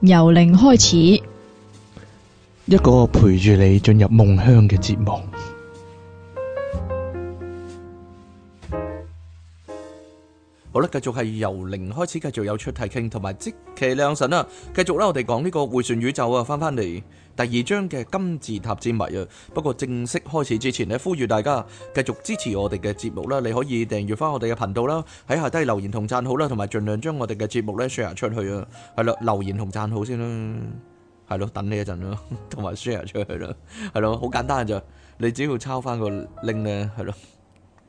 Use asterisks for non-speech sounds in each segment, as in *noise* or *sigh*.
由零開始，一個陪住你進入夢鄉嘅節目。我咧，繼續係由零開始，繼續有出題傾，同埋即其亮神啊！繼續啦，我哋講呢個《迴旋宇宙》啊，翻翻嚟第二章嘅金字塔之謎啊。不過正式開始之前咧，呼籲大家繼續支持我哋嘅節目啦。你可以訂閱翻我哋嘅頻道啦，喺下低留言同讚好啦，同埋盡量將我哋嘅節目咧 share 出去啊。係咯，留言同讚好先啦。係咯，等你一陣咯，同埋 share 出去啦。係咯，好簡單嘅咋，你只要抄翻個 link 咧，係咯。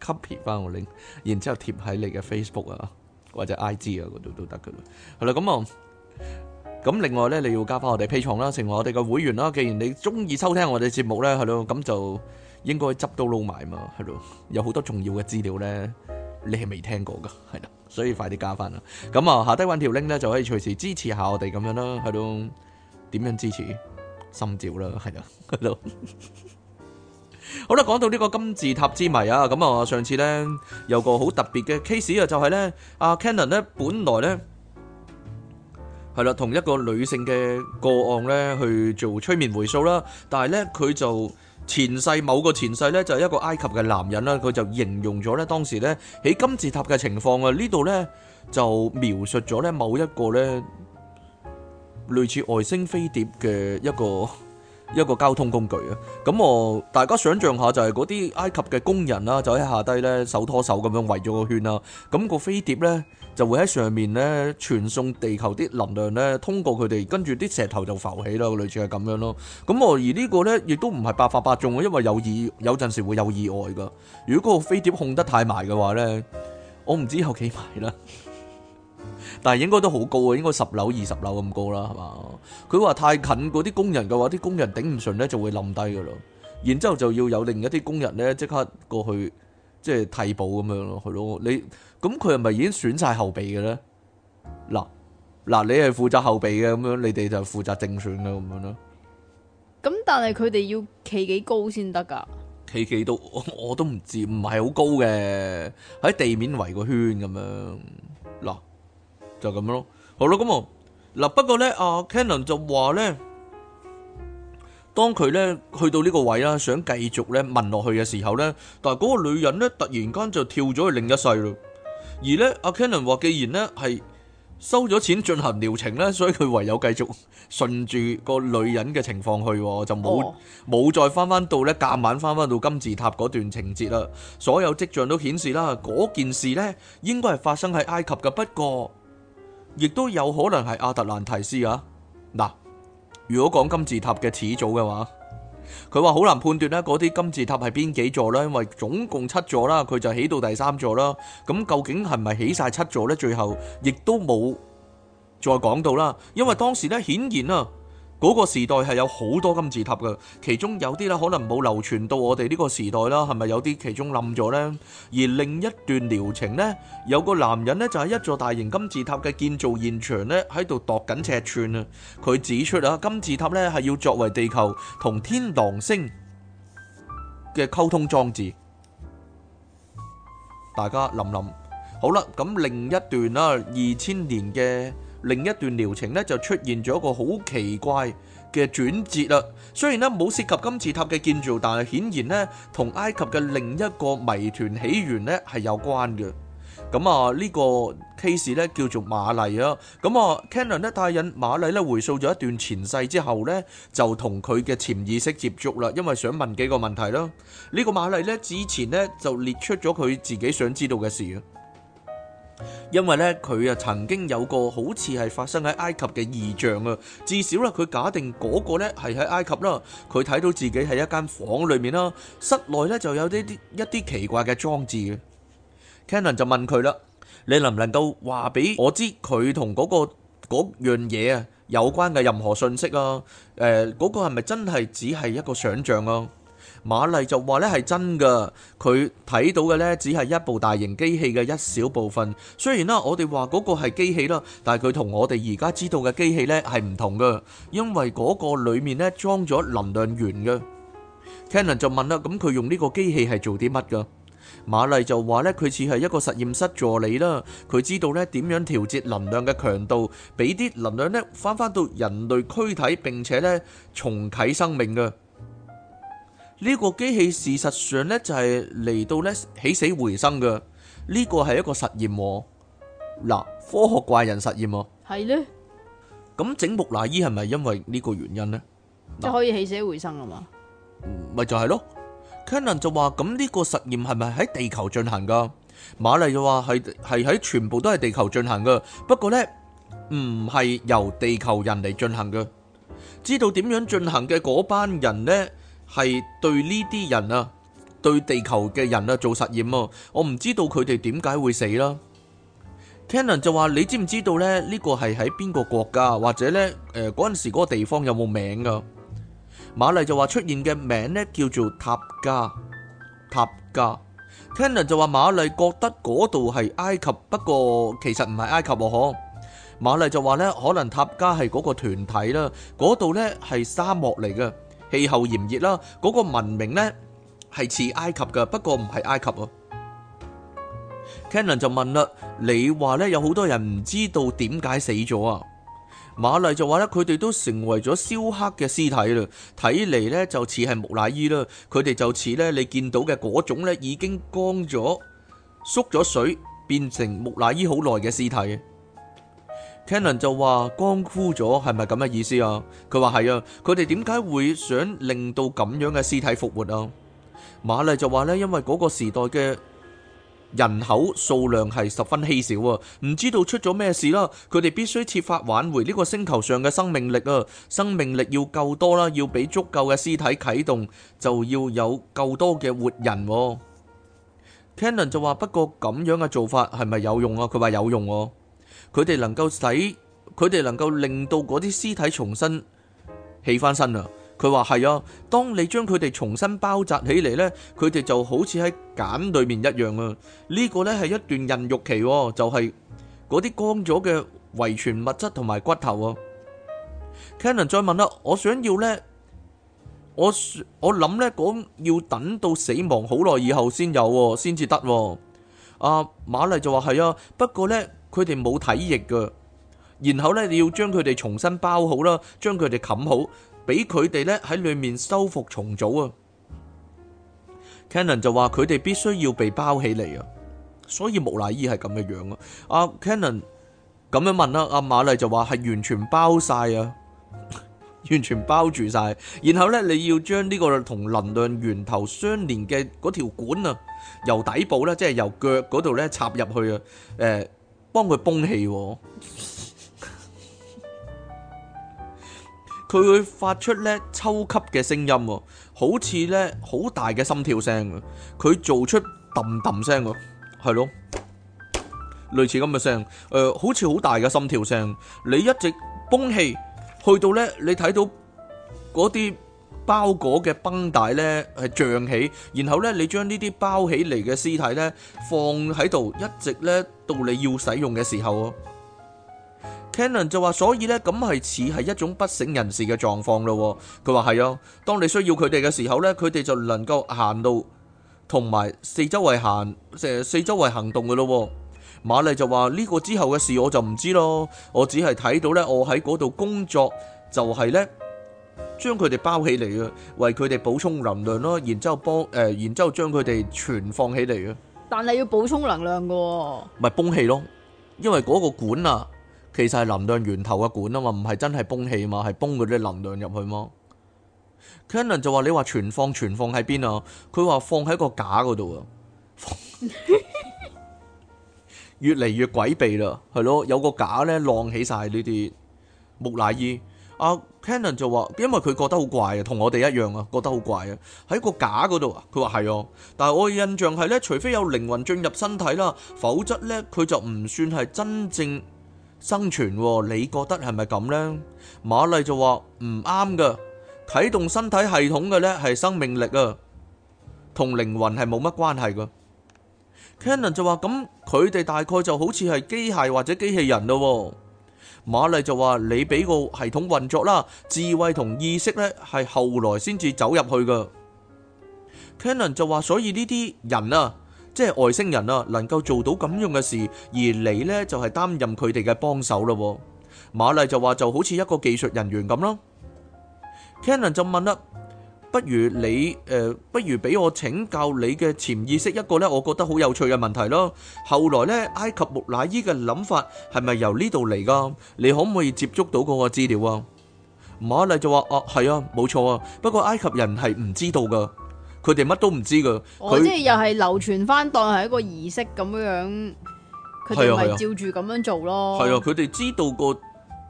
copy 翻我 link，然之後貼喺你嘅 Facebook 啊，或者 IG 啊，嗰度都得嘅咯。係 *noise* 啦，咁啊，咁另外咧，你要加翻我哋 P 唱啦，成為我哋嘅會員啦。既然你中意收聽我哋節目咧，係咯，咁就應該執到撈埋嘛，係咯。有好多重要嘅資料咧，你係未聽過嘅，係啦，所以快啲加翻啦。咁啊，下低揾條 link 咧，就可以隨時支持下我哋咁樣啦，係咯。點樣支持？心照啦，係啦，係咯。好啦，講到呢個金字塔之謎啊，咁啊，上次呢，有個好特別嘅 case 啊，就係呢。阿 Canon 呢，本來呢，係啦，同一個女性嘅個案呢，去做催眠回溯啦，但係呢，佢就前世某個前世呢，就係一個埃及嘅男人啦，佢就形容咗呢，當時呢，喺金字塔嘅情況啊，呢度呢，就描述咗呢某一個呢，類似外星飛碟嘅一個。一個交通工具啊，咁我大家想象下就係嗰啲埃及嘅工人啦，就喺下低咧手拖手咁樣圍咗個圈啦。咁個飛碟咧就會喺上面咧傳送地球啲能量咧，通過佢哋跟住啲石頭就浮起咯，類似係咁樣咯。咁我而呢個咧亦都唔係百發百中啊，因為有意有陣時會有意外噶。如果嗰個飛碟控得太埋嘅話咧，我唔知有幾埋啦。但係應該都好高啊，應該十樓二十樓咁高啦，係嘛？佢話太近嗰啲工人嘅話，啲工人頂唔順咧，就會冧低㗎咯。然之後就要有另一啲工人咧，即刻過去即係替補咁樣咯，係咯？你咁佢係咪已經選晒後備嘅咧？嗱嗱，你係負責後備嘅咁樣，你哋就負責正選嘅咁樣咯。咁但係佢哋要企幾高先得噶？企企到我都唔知，唔係好高嘅，喺地面圍個圈咁樣嗱。就咁樣咯，好咯，咁啊嗱。不過咧，阿 Cannon 就話咧，當佢咧去到呢個位啦，想繼續咧問落去嘅時候咧，但係嗰個女人咧突然間就跳咗去另一世咯。而咧，阿 Cannon 話，既然咧係收咗錢進行療程咧，所以佢唯有繼續順住個女人嘅情況去，就冇冇、哦、再返返到咧，隔晚返返到金字塔嗰段情節啦。所有跡象都顯示啦，嗰件事咧應該係發生喺埃及嘅，不過。亦都有可能係阿特蘭提斯啊！嗱，如果講金字塔嘅始祖嘅話，佢話好難判斷咧，嗰啲金字塔係邊幾座啦，因為總共七座啦，佢就起到第三座啦。咁究竟係咪起晒七座呢？最後亦都冇再講到啦，因為當時咧顯然啊。嗰個時代係有好多金字塔嘅，其中有啲咧可能冇流傳到我哋呢個時代啦，係咪有啲其中冧咗咧？而另一段療程咧，有個男人咧就喺一座大型金字塔嘅建造現場咧喺度度緊尺寸啊！佢指出啊，金字塔咧係要作為地球同天堂星嘅溝通裝置。大家諗諗，好啦，咁另一段啦，二千年嘅。另一段療程咧就出現咗一個好奇怪嘅轉折啦。雖然咧冇涉及金字塔嘅建造，但係顯然咧同埃及嘅另一個謎團起源咧係有關嘅。咁啊呢個 case 咧叫做瑪麗啊。咁啊，Cannon 咧帶引瑪麗咧回溯咗一段前世之後咧，就同佢嘅潛意識接觸啦，因為想問幾個問題啦。呢個瑪麗咧之前咧就列出咗佢自己想知道嘅事啊。因為咧，佢啊曾經有個好似係發生喺埃及嘅異象啊，至少啦，佢假定嗰個咧係喺埃及啦。佢睇到自己喺一間房裏面啦，室內咧就有呢啲一啲奇怪嘅裝置嘅。Cannon 就問佢啦，你能唔能夠話俾我知佢同嗰個嗰樣嘢啊有關嘅任何信息啊？誒、呃，嗰、那個係咪真係只係一個想象啊？馬麗就話咧係真嘅，佢睇到嘅咧只係一部大型機器嘅一小部分。雖然啦，我哋話嗰個係機器啦，但係佢同我哋而家知道嘅機器咧係唔同嘅，因為嗰個裡面咧裝咗能量源嘅。Cannon 就問啦，咁佢用呢個機器係做啲乜嘅？馬麗就話咧，佢似係一個實驗室助理啦，佢知道咧點樣調節能量嘅強度，俾啲能量咧返返到人類軀體，並且咧重啟生命嘅。呢個機器事實上咧就係嚟到咧起死回生嘅，呢個係一個實驗喎。嗱，科學怪人實驗啊，係咧。咁整木乃伊係咪因為呢個原因咧？即係可以起死回生啊嘛？咪就係咯。Cannon 就話：咁呢個實驗係咪喺地球進行噶？馬麗就話，係係喺全部都係地球進行嘅，不過咧唔係由地球人嚟進行嘅。知道點樣進行嘅嗰班人咧？係對呢啲人啊，對地球嘅人啊做實驗啊，我唔知道佢哋點解會死啦。Cannon 就話：你知唔知道咧？呢、呢個係喺邊個國家，或者呢誒嗰陣時嗰個地方有冇名噶？馬麗就話出現嘅名呢叫做塔加，塔加。Cannon 就話，馬麗覺得嗰度係埃及，不過其實唔係埃及喎。可馬麗就話呢，可能塔加係嗰個團體啦，嗰度呢係沙漠嚟嘅。氣候炎熱啦，嗰、那個文明呢係似埃及嘅，不過唔係埃及啊。Cannon 就問啦：你話呢？有好多人唔知道點解死咗啊？馬麗就話咧佢哋都成為咗燒黑嘅屍體啦，睇嚟呢，就似係木乃伊啦。佢哋就似呢，你見到嘅嗰種咧已經乾咗、縮咗水，變成木乃伊好耐嘅屍體。Canon 就話乾枯咗，係咪咁嘅意思啊？佢話係啊，佢哋點解會想令到咁樣嘅屍體復活啊？馬麗就話呢，因為嗰個時代嘅人口數量係十分稀少啊，唔知道出咗咩事啦。佢哋必須設法挽回呢個星球上嘅生命力啊，生命力要夠多啦，要俾足夠嘅屍體啟動，就要有夠多嘅活人。Canon 就話，不過咁樣嘅做法係咪有用啊？佢話有用。佢哋能夠使佢哋能夠令到嗰啲屍體重新起翻身啊！佢話係啊，當你將佢哋重新包紮起嚟呢，佢哋就好似喺繭裏面一樣啊！呢、呢個呢係一段孕育期、啊，就係嗰啲乾咗嘅遺傳物質同埋骨頭、啊。Canon n 再問啦、啊，我想要呢？我我諗呢，講要等到死亡好耐以後先有、啊，先至得。阿瑪麗就話係啊，不過呢。佢哋冇體液嘅，然後咧你要將佢哋重新包好啦，將佢哋冚好，俾佢哋咧喺裏面修復重組啊。Cannon 就話佢哋必須要被包起嚟啊，所以木乃伊係咁嘅樣啊。阿 Cannon 咁樣問啦，阿馬麗就話係完全包晒啊， *laughs* 完全包住晒。然後咧你要將呢個同能量源頭相連嘅嗰條管啊，由底部咧，即係由腳嗰度咧插入去啊，誒、欸。幫佢泵氣，佢會發出咧抽吸嘅聲音，好似咧好大嘅心跳聲。佢做出揼揼聲，係咯，類似咁嘅聲，誒，好似好大嘅心跳聲。你一直泵氣，去到咧，你睇到嗰啲。包裹嘅繃帶呢係脹起，然後呢，你將呢啲包起嚟嘅屍體呢放喺度，一直呢到你要使用嘅時候。Cannon 就話：所以呢，咁係似係一種不省人事嘅狀況咯。佢話係啊，當你需要佢哋嘅時候呢，佢哋就能夠行到同埋四周圍行，誒四周圍行動嘅咯。瑪麗就話：呢個之後嘅事我就唔知咯，我只係睇到呢，我喺嗰度工作就係呢。將佢哋包起嚟啊，為佢哋補充能量咯，然之後幫誒、呃，然之後將佢哋存放起嚟啊。但係要補充能量噶、哦，咪泵氣咯，因為嗰個管啊，其實係能量源頭嘅管啊嘛，唔係真係泵氣嘛，係泵嗰啲能量入去嘛。Cannon 就話，你話存放存放喺邊啊？佢話放喺個架嗰度啊， *laughs* *laughs* 越嚟越詭秘啦，係咯，有個架咧晾起晒呢啲木乃伊啊。Cannon 就話，因為佢覺得好怪啊，同我哋一樣啊，覺得好怪啊，喺個架嗰度啊。佢話係哦，但係我嘅印象係呢，除非有靈魂進入身體啦，否則呢，佢就唔算係真正生存。你覺得係咪咁呢？馬麗就話唔啱㗎，啟動身體系統嘅呢係生命力啊，同靈魂係冇乜關係㗎。Cannon 就話，咁佢哋大概就好似係機械或者機器人咯。馬麗就話：你俾個系統運作啦，智慧同意識咧係後來先至走入去㗎。Cannon 就話：所以呢啲人啊，即係外星人啊，能夠做到咁樣嘅事，而你呢，就係擔任佢哋嘅幫手啦。馬麗就話：就好似一個技術人員咁囉。Cannon 就問啦。不如你誒、呃，不如俾我請教你嘅潛意識一個咧，我覺得好有趣嘅問題咯。後來咧，埃及木乃伊嘅諗法係咪由呢度嚟噶？你可唔可以接觸到嗰個資料啊？馬麗就話哦，係啊，冇錯啊。不過埃及人係唔知道噶，佢哋乜都唔知噶。佢即係又係流傳翻當係一個儀式咁樣樣，佢哋唔係照住咁樣做咯。係啊，佢哋、啊啊、知道個。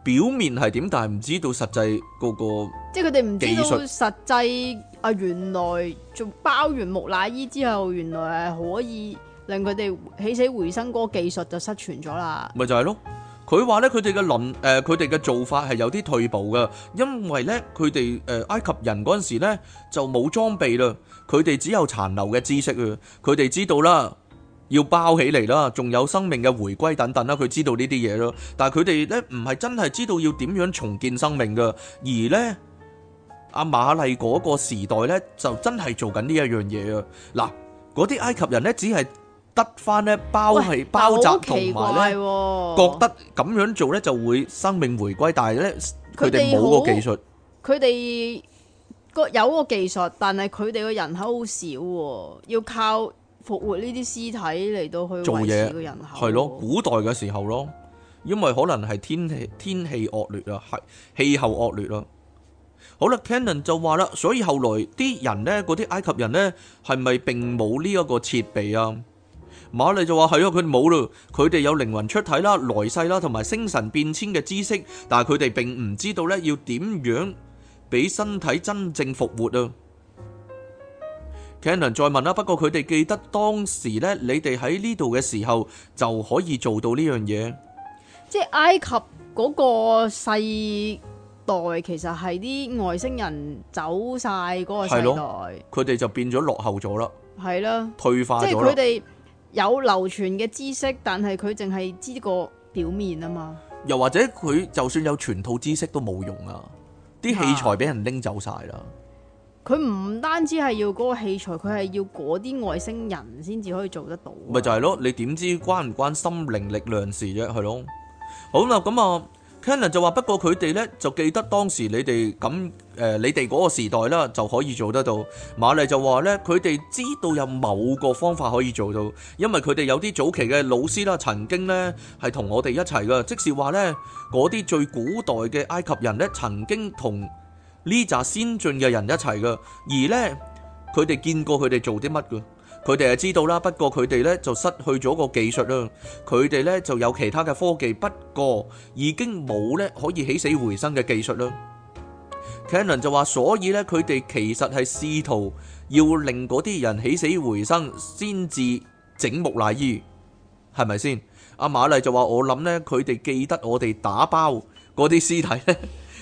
表面係點，但係唔知道實際嗰個，即係佢哋唔知道實際啊，原來仲包完木乃伊之後，原來係可以令佢哋起死回生嗰個技術就失傳咗啦。咪就係咯，佢話咧，佢哋嘅論誒，佢哋嘅做法係有啲退步㗎，因為咧佢哋誒埃及人嗰陣時咧就冇裝備啦，佢哋只有殘留嘅知識啊，佢哋知道啦。要包起嚟啦，仲有生命嘅回歸等等啦，佢知道呢啲嘢咯。但係佢哋呢唔係真係知道要點樣重建生命噶，而呢阿瑪麗嗰個時代呢就真係做緊呢一樣嘢啊！嗱，嗰啲埃及人呢只係得翻呢包起包紮同埋呢，覺得咁樣做呢就會生命回歸，但係呢佢哋冇個技術，佢哋個有個技術，但係佢哋個人口好少，要靠。復活呢啲屍體嚟到去維持個人口，係咯，古代嘅時候咯，因為可能係天氣天氣惡劣啊，係氣候惡劣啦。好啦，Cannon 就話啦，所以後來啲人咧，嗰啲埃及人咧，係咪並冇呢一個設備啊？馬利就話係咯，佢冇咯，佢哋有靈魂出體啦、來世啦，同埋星神變遷嘅知識，但係佢哋並唔知道咧要點樣俾身體真正復活啊。Ken 能再問啦，不過佢哋記得當時咧，你哋喺呢度嘅時候就可以做到呢樣嘢。即係埃及嗰個世代，其實係啲外星人走晒嗰個世代，佢哋就變咗落後咗啦。係啦咯，退化咗啦。即係佢哋有流傳嘅知識，但係佢淨係知個表面啊嘛。又或者佢就算有全套知識都冇用啊，啲器材俾人拎走晒啦。啊佢唔單止係要嗰個器材，佢係要嗰啲外星人先至可以做得到。咪就係咯，你點知關唔關心靈力量事啫？係咯。好啦，咁啊，Cannon 就話：不過佢哋呢就記得當時你哋咁誒，你哋嗰個時代啦，就可以做得到。馬利就話呢，佢哋知道有某個方法可以做到，因為佢哋有啲早期嘅老師啦，曾經呢係同我哋一齊噶。即是話呢，嗰啲最古代嘅埃及人呢，曾經同。呢紮先進嘅人一齊噶，而呢，佢哋見過佢哋做啲乜嘅，佢哋係知道啦。不過佢哋呢就失去咗個技術啦，佢哋呢就有其他嘅科技，不過已經冇呢可以起死回生嘅技術啦。了 Canon 就話：所以呢，佢哋其實係試圖要令嗰啲人起死回生，先至整木乃伊，係咪先？阿馬麗就話：我諗呢，佢哋記得我哋打包嗰啲屍體咧。 *laughs*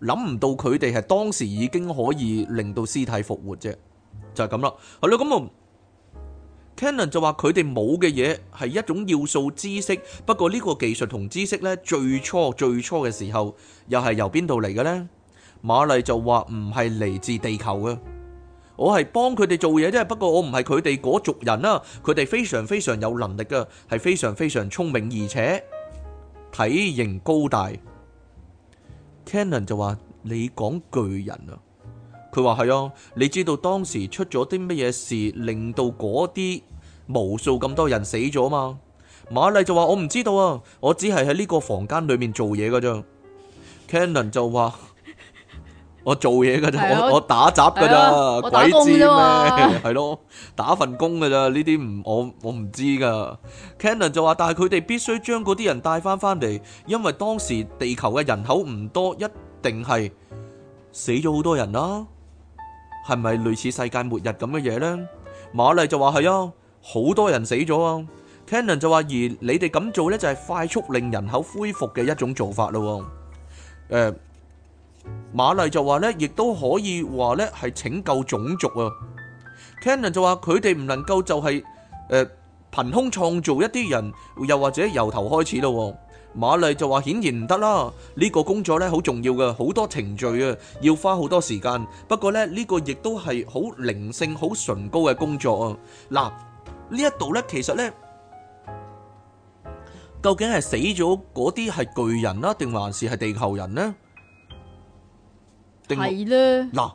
諗唔到佢哋係當時已經可以令到屍體復活啫，就係咁啦。係咯，咁啊，Cannon 就話佢哋冇嘅嘢係一種要素知識，不過呢個技術同知識呢，最初最初嘅時候又係由邊度嚟嘅呢？馬麗就話唔係嚟自地球嘅，我係幫佢哋做嘢啫。不過我唔係佢哋嗰族人啊，佢哋非常非常有能力噶，係非常非常聰明，而且體型高大。c a n o n 就話：你講巨人啊！佢話係啊，你知道當時出咗啲乜嘢事，令到嗰啲無數咁多人死咗嘛？馬麗就話：我唔知道啊，我只係喺呢個房間裏面做嘢噶啫。Cannon 就話。我做嘢噶咋？我我打雜噶咋？鬼知咩？係咯，打份工噶咋？呢啲唔我我唔知噶。Cannon 就話：但係佢哋必須將嗰啲人帶翻翻嚟，因為當時地球嘅人口唔多，一定係死咗好多人啦。係咪類似世界末日咁嘅嘢呢？瑪麗就話：係啊，好多人死咗啊。Cannon 就話：而你哋咁做呢，就係快速令人口恢復嘅一種做法咯。誒。瑪麗就話咧，亦都可以話咧係拯救種族啊。Cannon 就話佢哋唔能夠就係誒憑空創造一啲人，又或者由頭開始咯。瑪麗就話顯然唔得啦，呢、這個工作咧好重要嘅，好多程序啊，要花好多時間。不過咧呢、這個亦都係好靈性、好崇高嘅工作啊。嗱，呢一度咧其實咧，究竟係死咗嗰啲係巨人啦，定還是係地球人咧？係啦，嗱，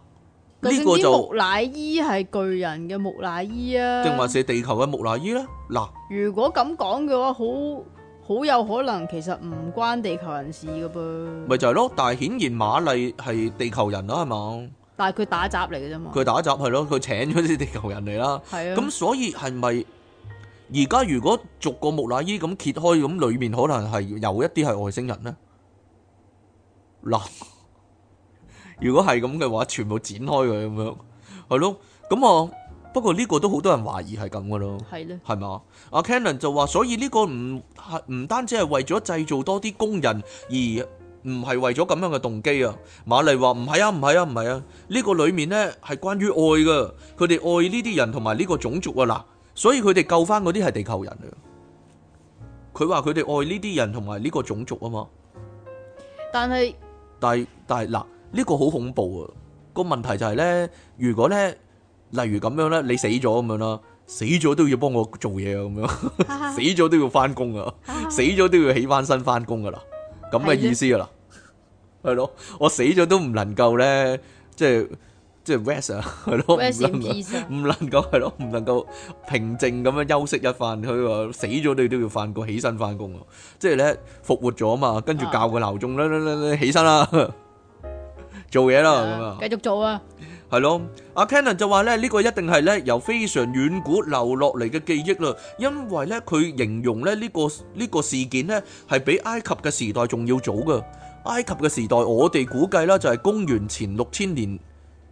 呢個就木乃伊係巨人嘅木乃伊啊，定話是地球嘅木乃伊咧？嗱，如果咁講嘅話，好好有可能其實唔關地球人事㗎噃，咪就係咯。但係顯然瑪麗係地球人啦，係嘛？但係佢打雜嚟嘅啫嘛，佢打雜係咯，佢請咗啲地球人嚟啦。係啊，咁所以係咪而家如果逐個木乃伊咁揭開咁，裏面可能係有一啲係外星人咧？嗱。如果係咁嘅話，全部剪開佢咁樣，係咯。咁我、啊、不過呢個都好多人懷疑係咁嘅咯，係咯的，係嘛？阿 Cannon 就話，所以呢個唔係唔單止係為咗製造多啲工人，而唔係為咗咁樣嘅動機啊。馬麗話唔係啊，唔係啊，唔係啊，呢個裡面呢，係關於愛嘅，佢哋愛呢啲人同埋呢個種族啊嗱，所以佢哋救翻嗰啲係地球人啊。佢話佢哋愛呢啲人同埋呢個種族啊嘛是，但係但係但係嗱，呢個好恐怖啊！個問題就係咧，如果咧，例如咁樣咧，你死咗咁樣啦，死咗都要幫我做嘢咁樣，死咗都要返工啊，死咗都要起返身返工噶啦，咁嘅意思噶啦，係咯，我死咗都唔能夠咧，即係即係 rest 啊，係咯，唔能夠，唔能夠，係咯，唔能夠平靜咁樣休息一番，佢話死咗你都要返工，起身返工啊，即係咧復活咗啊嘛，跟住教個鬧鐘啦啦啦啦，起身啦！做嘢啦，咁啊，繼續做啊，係咯，阿 Cannon 就話咧，呢個一定係咧由非常遠古留落嚟嘅記憶啦，因為咧佢形容咧呢個呢個事件呢係比埃及嘅時代仲要早噶，埃及嘅時代我哋估計啦就係公元前六千年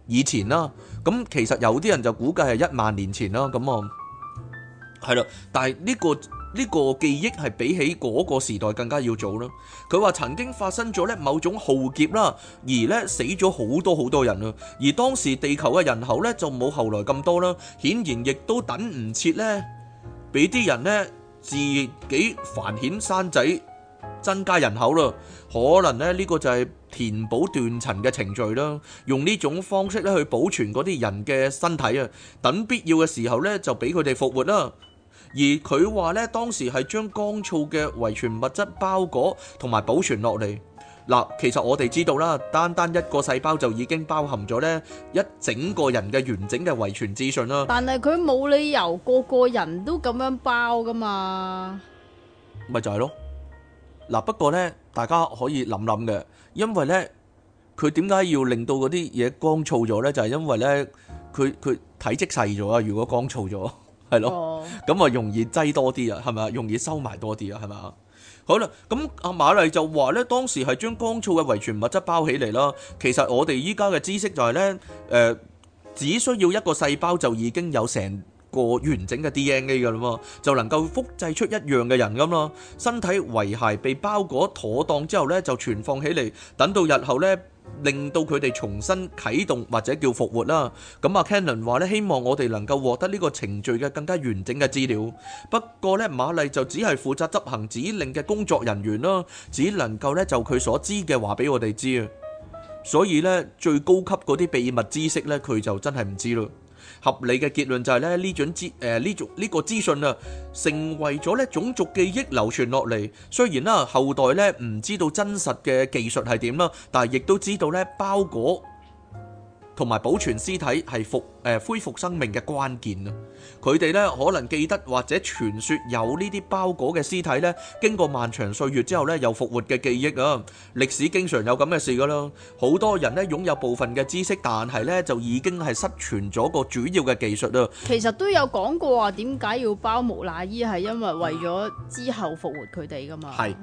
以前啦，咁其實有啲人就估計係一萬年前啦，咁啊，係咯，但係呢個。呢個記憶係比起嗰個時代更加要早啦。佢話曾經發生咗呢某種浩劫啦，而呢死咗好多好多人啊。而當時地球嘅人口呢，就冇後來咁多啦，顯然亦都等唔切呢，俾啲人呢自己繁衍生仔增加人口咯。可能呢，呢個就係填補斷層嘅程序啦，用呢種方式咧去保存嗰啲人嘅身體啊，等必要嘅時候呢，就俾佢哋復活啦。而佢話呢，當時係將乾燥嘅遺傳物質包裹同埋保存落嚟。嗱，其實我哋知道啦，單單一個細胞就已經包含咗呢一整個人嘅完整嘅遺傳資訊啦。但係佢冇理由個個人都咁樣包噶嘛？咪就係咯。嗱，不過呢，大家可以諗諗嘅，因為呢，佢點解要令到嗰啲嘢乾燥咗呢？就係因為呢，佢佢體積細咗啊！如果乾燥咗。係咯，咁啊容易擠多啲啊，係咪啊？容易收埋多啲啊，係咪啊？好啦，咁阿馬麗就話呢，當時係將乾燥嘅遺傳物質包起嚟啦。其實我哋依家嘅知識就係、是、呢，誒、呃、只需要一個細胞就已經有成個完整嘅 D N A 噶啦嘛，就能夠複製出一樣嘅人噶嘛。身體遺骸被包裹妥當之後呢，就存放起嚟，等到日後呢。令到佢哋重新啟動或者叫復活啦。咁啊，Cannon 話咧，希望我哋能夠獲得呢個程序嘅更加完整嘅資料。不過咧，瑪麗就只係負責執行指令嘅工作人員啦，只能夠咧就佢所知嘅話俾我哋知。所以咧，最高級嗰啲秘密知識咧，佢就真係唔知咯。合理嘅結論就係，是，咧，呢種資，誒呢種呢，這個資訊啊，成為咗咧種族記憶流傳落嚟。雖然啦，後代咧唔知道真實嘅技術係點啦，但係亦都知道咧包裹。同埋保存屍體係復誒恢復生命嘅關鍵啊！佢哋咧可能記得或者傳說有呢啲包裹嘅屍體咧，經過漫長歲月之後咧又復活嘅記憶啊！歷史經常有咁嘅事噶咯，好多人咧擁有部分嘅知識，但係咧就已經係失傳咗個主要嘅技術啊！其實都有講過話，點解要包木乃伊係因為為咗之後復活佢哋噶嘛？係。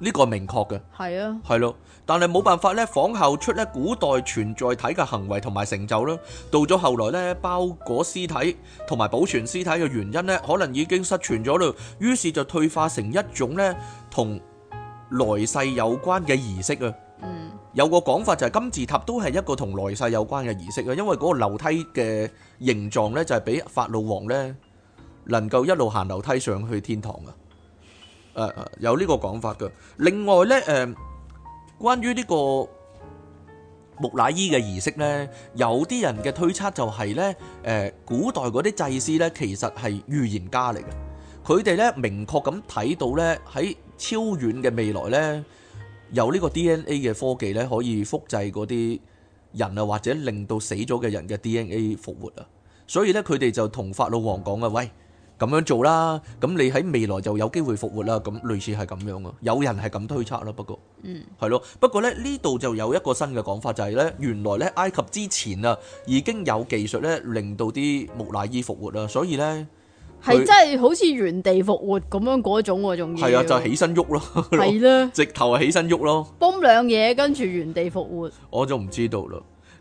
呢個係明確嘅，係啊，係咯，但係冇辦法咧，仿效出咧古代存在體嘅行為同埋成就咯。到咗後來咧，包裹屍體同埋保存屍體嘅原因咧，可能已經失傳咗咯。於是就退化成一種咧同來世有關嘅儀式啊。嗯，有個講法就係金字塔都係一個同來世有關嘅儀式啊，因為嗰個樓梯嘅形狀咧就係俾法老王咧能夠一路行樓梯上去天堂啊。誒有呢個講法嘅。另外咧，誒關於呢個木乃伊嘅儀式咧，有啲人嘅推測就係咧，誒古代嗰啲祭司咧，其實係預言家嚟嘅。佢哋咧明確咁睇到咧喺超遠嘅未來咧，有呢個 DNA 嘅科技咧可以複製嗰啲人啊，或者令到死咗嘅人嘅 DNA 復活啊。所以咧，佢哋就同法老王講啊，喂！咁樣做啦，咁你喺未來就有機會復活啦，咁類似係咁樣嘅，有人係咁推測啦，不過，嗯，係咯，不過咧呢度就有一個新嘅講法，就係呢：原來咧埃及之前啊已經有技術呢令到啲木乃伊復活啦，所以呢，係真係好似原地復活咁樣嗰種，仲係啊，就是、起身喐咯，係啦、啊， *laughs* 直頭係起身喐咯，崩兩嘢跟住原地復活，我就唔知道啦。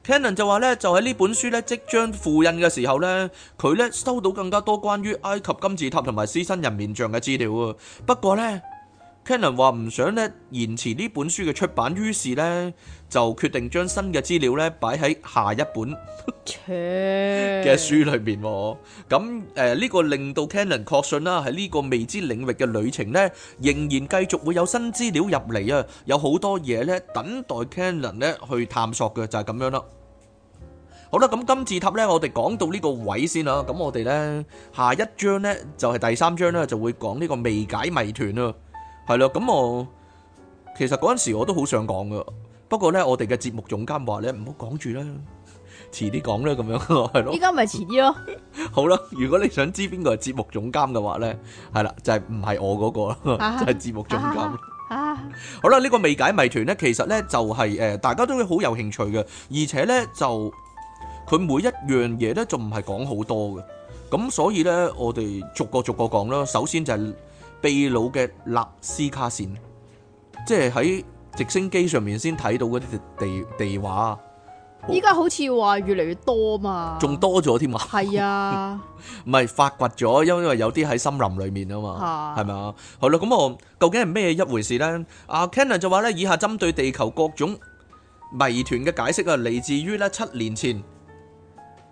Cannon 就話咧，就喺呢本書咧即將付印嘅時候咧，佢咧收到更加多關於埃及金字塔同埋獅身人面像嘅資料喎。不過咧，Cannon 話唔想咧延遲呢本書嘅出版，於是咧就決定將新嘅資料咧擺喺下一本嘅 *laughs* 書裏面喎。咁誒呢個令到 Cannon 確信啦、啊，喺呢個未知領域嘅旅程咧，仍然繼續會有新資料入嚟啊！有好多嘢咧等待 Cannon 咧去探索嘅，就係、是、咁樣啦。好啦，咁金字塔咧，我哋講到呢個位先啦。咁我哋咧下一章咧就係、是、第三章啦，就會講呢個未解謎團啦。係啦，咁我其實嗰陣時我都好想講噶，不過咧我哋嘅節目總監話咧唔好講住啦，遲啲講啦咁樣，係咯。依家咪遲啲咯。 *laughs* 好啦，如果你想知邊個係節目總監嘅話咧，係啦就係唔係我嗰、那個，啊、 *laughs* 就係節目總監、啊。啊，啊好啦，呢、這個未解謎團咧，其實咧就係、是、誒、呃，大家都會好有興趣嘅，而且咧就。就佢每一樣嘢咧仲唔係講好多嘅，咁所以咧我哋逐個逐個講啦。首先就係秘魯嘅納斯卡線，即係喺直升機上面先睇到嗰啲地地畫。依家好似話越嚟越多啊嘛，仲多咗添、嗯、啊！係啊，唔係發掘咗，因為有啲喺森林裡面啊嘛，係咪啊？係咯，咁、嗯、我、嗯、究竟係咩一回事咧？阿、啊、Ken n e 就話咧，以下針對地球各種謎團嘅解釋啊，嚟自於咧七年前。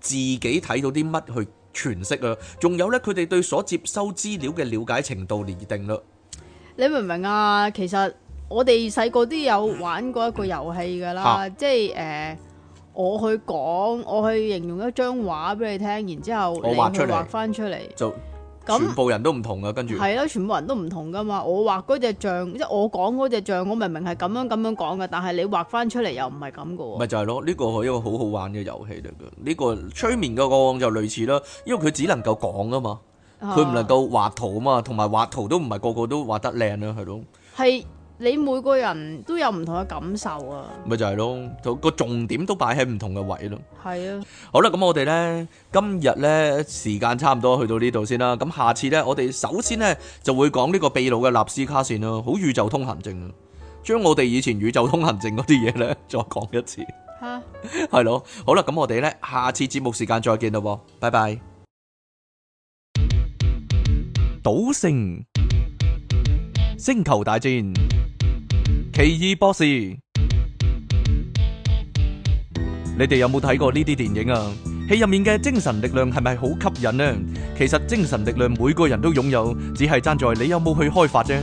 自己睇到啲乜去詮釋啊，仲有呢，佢哋對所接收資料嘅了解程度而定啦。你明唔明啊？其實我哋細個都有玩過一個遊戲噶啦，啊、即係誒、呃，我去講，我去形容一張畫俾你聽，然之後你去畫翻出嚟。那全部人都唔同噶，跟住係咯，全部人都唔同噶嘛。我畫嗰隻像，即係我講嗰隻像，我明明係咁樣咁樣講嘅，但係你畫翻出嚟又唔係咁噶喎。咪就係咯，呢個係一個好好玩嘅遊戲嚟㗎。呢個催眠個案就類似啦，因為佢只能夠講啊嘛，佢唔能夠畫圖啊嘛，同埋畫圖都唔係個個都畫得靚啊，係咯。係。你每個人都有唔同嘅感受啊，咪就係咯，個重點都擺喺唔同嘅位咯。係啊，好啦，咁我哋呢，今日呢時間差唔多，去到呢度先啦。咁下次呢，我哋首先呢就會講呢個秘魯嘅納斯卡線咯，好宇宙通行證啊，將我哋以前宇宙通行證嗰啲嘢呢再講一次吓，係咯哈。 *laughs* 好啦，咁我哋呢，下次節目時間再見啦，喎，拜拜。賭聖星球大戰。奇異博士，你哋有冇睇過呢啲電影啊？戲入面嘅精神力量係咪好吸引呢？其實精神力量每個人都擁有，只係爭在你有冇去開發啫。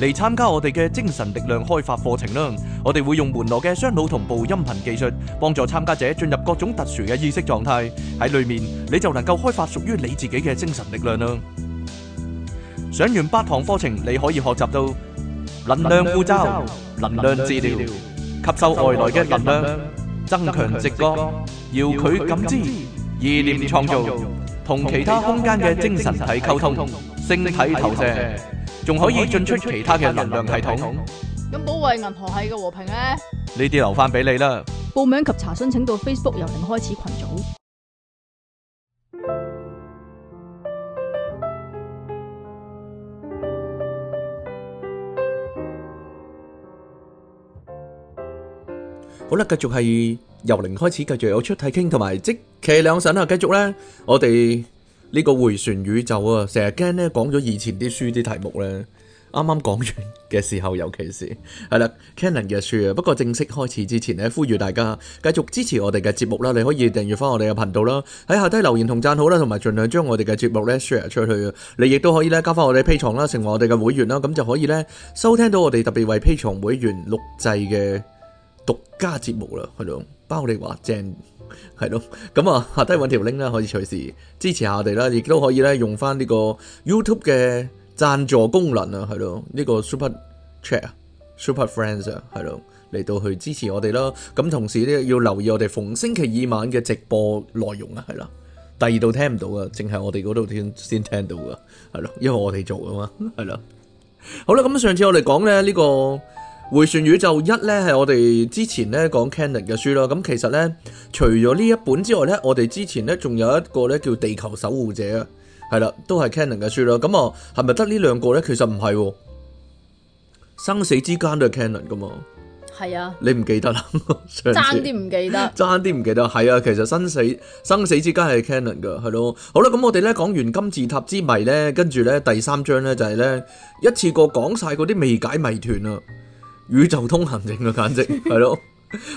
嚟參加我哋嘅精神力量開發課程啦！我哋會用門羅嘅雙腦同步音頻技術，幫助參加者進入各種特殊嘅意識狀態，喺裏面你就能夠開發屬於你自己嘅精神力量啦。上完八堂課程，你可以學習到。能量護罩、能量治療、吸收外來嘅能量、增強直覺、遙距感知、意念創造、同其他空間嘅精神體溝通、星體投射，仲可以進出其他嘅能量系統。咁保衛銀河系嘅和平咧？呢啲留翻俾你啦。報名及查詢請到 Facebook 由零開始群組。好啦，繼續係由零開始，繼續有出題傾同埋即其兩神啊！繼續咧，我哋呢個迴旋宇宙啊，成日驚咧講咗以前啲書啲題目咧，啱啱講完嘅時候，尤其是係啦 Cannon 嘅書啊。不過正式開始之前咧，呼籲大家繼續支持我哋嘅節目啦。你可以訂閱翻我哋嘅頻道啦，喺下低留言同讚好啦，同埋儘量將我哋嘅節目咧 share 出去啊。你亦都可以咧交翻我哋 Patreon 啦，成為我哋嘅會員啦，咁就可以咧收聽到我哋特別為 Patreon 會員錄製嘅。獨家節目啦，係咯，包你話正，係咯。咁 *laughs* 啊、嗯，下低搵條 link 啦，可以隨時支持下我哋啦，亦都可以咧用翻呢個 YouTube 嘅贊助功能啊，係咯，呢、呢個 Super Chat 啊，Super Friends 啊，係咯，嚟到去支持我哋啦。咁同時呢，要留意我哋逢星期二晚嘅直播內容啊，係啦，第二度聽唔到啊，淨係我哋嗰度先先聽到噶，係咯，因為我哋做啊嘛，係咯。好啦，咁、嗯、上次我哋講咧呢、呢個。《回旋宇宙一》呢咧，係我哋之前咧講 Cannon 嘅書咯。咁其實咧，除咗呢一本之外咧，我哋之前咧仲有一個咧叫《地球守護者》啊，係啦，都係 Cannon 嘅書咯。咁啊，係咪得呢兩個咧？其實唔係喎，《生死之間》都係 Cannon 噶嘛。係啊的，你唔記得啦？爭啲唔記得，爭啲唔記得係啊。其實《生死生死之間》係 Cannon 噶，係咯。好啦，咁我哋咧講完《金字塔之謎》咧，跟住咧第三章咧就係、是、咧一次過講晒嗰啲未解謎團啊。宇宙通行證嘅簡稱係咯。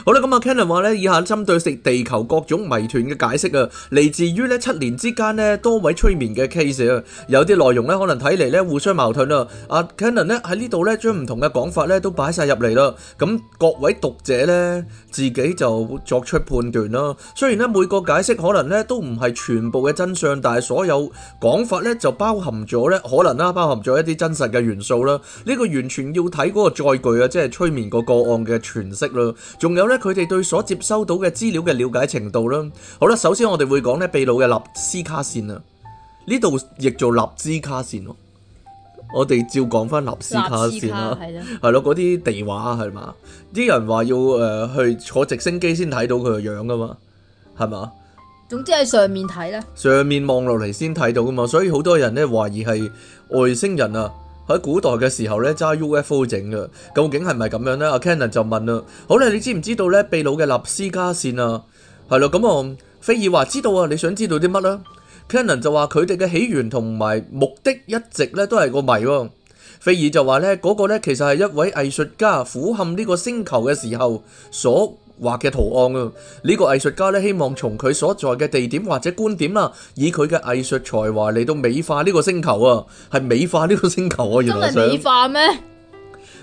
好啦，咁啊 Cannon 話咧，以下針對食地球各種謎團嘅解釋啊，嚟自於咧七年之間呢多位催眠嘅 case 啊，有啲內容咧可能睇嚟咧互相矛盾啊。阿 Cannon 咧喺呢度咧將唔同嘅講法咧都擺晒入嚟啦。咁各位讀者咧自己就作出判斷啦。雖然咧每個解釋可能咧都唔係全部嘅真相，但係所有講法咧就包含咗咧可能啦，包含咗一啲真實嘅元素啦。呢、呢個完全要睇嗰個載具啊，即係催眠個個案嘅詮釋咯。仲有咧，佢哋對所接收到嘅資料嘅了解程度啦。好啦，首先我哋會講呢秘魯嘅納，納，納斯卡線啊，呢度亦做納茲卡線咯。我哋照講翻納斯卡線啦，係咯，嗰啲地畫係嘛？啲人話要誒、呃、去坐直升機先睇到佢個樣噶嘛，係嘛？總之喺上面睇咧，上面望落嚟先睇到噶嘛，所以好多人咧懷疑係外星人啊。喺古代嘅時候咧，揸 UFO 整嘅，究竟係咪咁樣呢？阿 Cannon 就問啦，好咧，你知唔知道咧秘魯嘅納斯卡線啊？係咯，咁、嗯、啊，菲爾話知道啊，你想知道啲乜咧、啊、？Cannon 就話佢哋嘅起源同埋目的一直咧都係個謎喎、啊。菲爾就話咧嗰個咧其實係一位藝術家俯瞰呢個星球嘅時候所畫嘅圖案啊！呢、這個藝術家咧希望從佢所在嘅地點或者觀點啦，以佢嘅藝術才華嚟到美化呢個星球啊，係美化呢個星球啊，原來想。真係美化咩？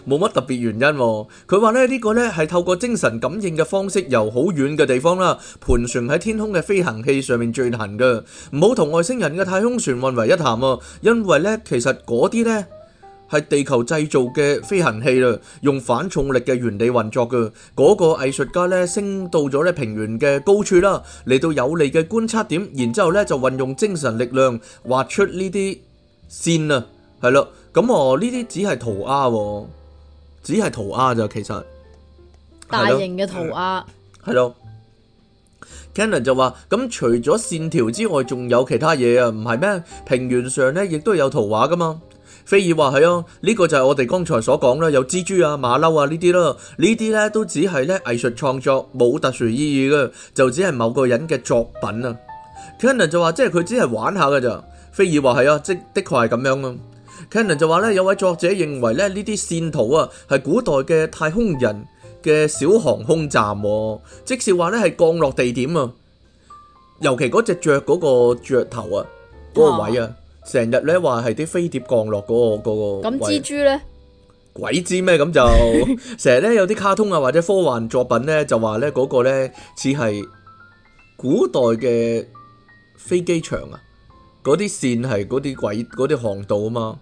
冇乜特別原因、啊。佢話咧呢個咧係透過精神感應嘅方式，由好遠嘅地方啦，盤旋喺天空嘅飛行器上面進行噶。唔好同外星人嘅太空船混為一談啊！因為咧，其實嗰啲咧。係地球製造嘅飛行器啦，用反重力嘅原理運作嘅嗰、那個藝術家咧，升到咗咧平原嘅高處啦，嚟到有利嘅觀察點，然之後咧就運用精神力量畫出呢啲線啊，係啦，咁我呢啲只係塗鴉，只係塗鴉咋。其實大型嘅塗鴉，係咯。Kenner 就話：咁、嗯、除咗線條之外，仲有其他嘢啊？唔係咩？平原上咧亦都有圖畫噶嘛。菲爾話係啊，呢、呢個就係我哋剛才所講啦，有蜘蛛啊、馬騮啊呢啲啦，呢啲咧都只係咧藝術創作，冇特殊意義嘅，就只係某個人嘅作品啊。Cannon 就話，即係佢只係玩下嘅咋。菲爾話係啊，即係的確係咁樣啊。Cannon 就話咧，有位作者認為咧，呢啲線圖啊係古代嘅太空人嘅小航空站，啊，即是呢是話咧係降落地點啊。尤其嗰隻雀嗰個雀頭啊，嗰、嗰個位啊。Oh. 成日咧話係啲飛碟降落嗰個嗰個，咁蜘蛛咧鬼知咩？咁就成日咧有啲卡通啊或者科幻作品咧就話咧嗰個咧似係古代嘅飛機場啊，嗰啲線係嗰啲鬼嗰啲航道吖嘛。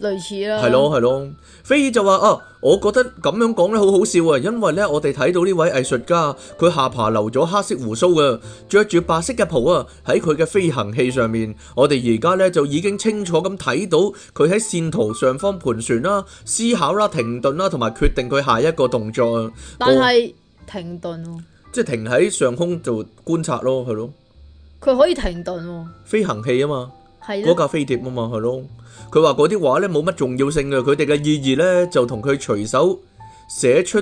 類似啊，係咯係咯，菲兒就話啊，我覺得咁樣講咧好好笑啊，因為咧我哋睇到呢位藝術家，佢下巴留咗黑色鬍鬚嘅，着住白色嘅袍啊，喺佢嘅飛行器上面，我哋而家咧就已經清楚咁睇到佢喺線圖上方盤旋啦、啊、思考啦、啊、停頓啦、啊，同埋決定佢下一個動作、啊。但係停頓，即係、那個就是、停喺上空就觀察咯，係咯，佢可以停頓、啊，飛行器啊嘛，嗰咯架飛碟啊嘛，係咯。佢話嗰啲畫咧冇乜重要性嘅，佢哋嘅意義咧就同佢隨手寫出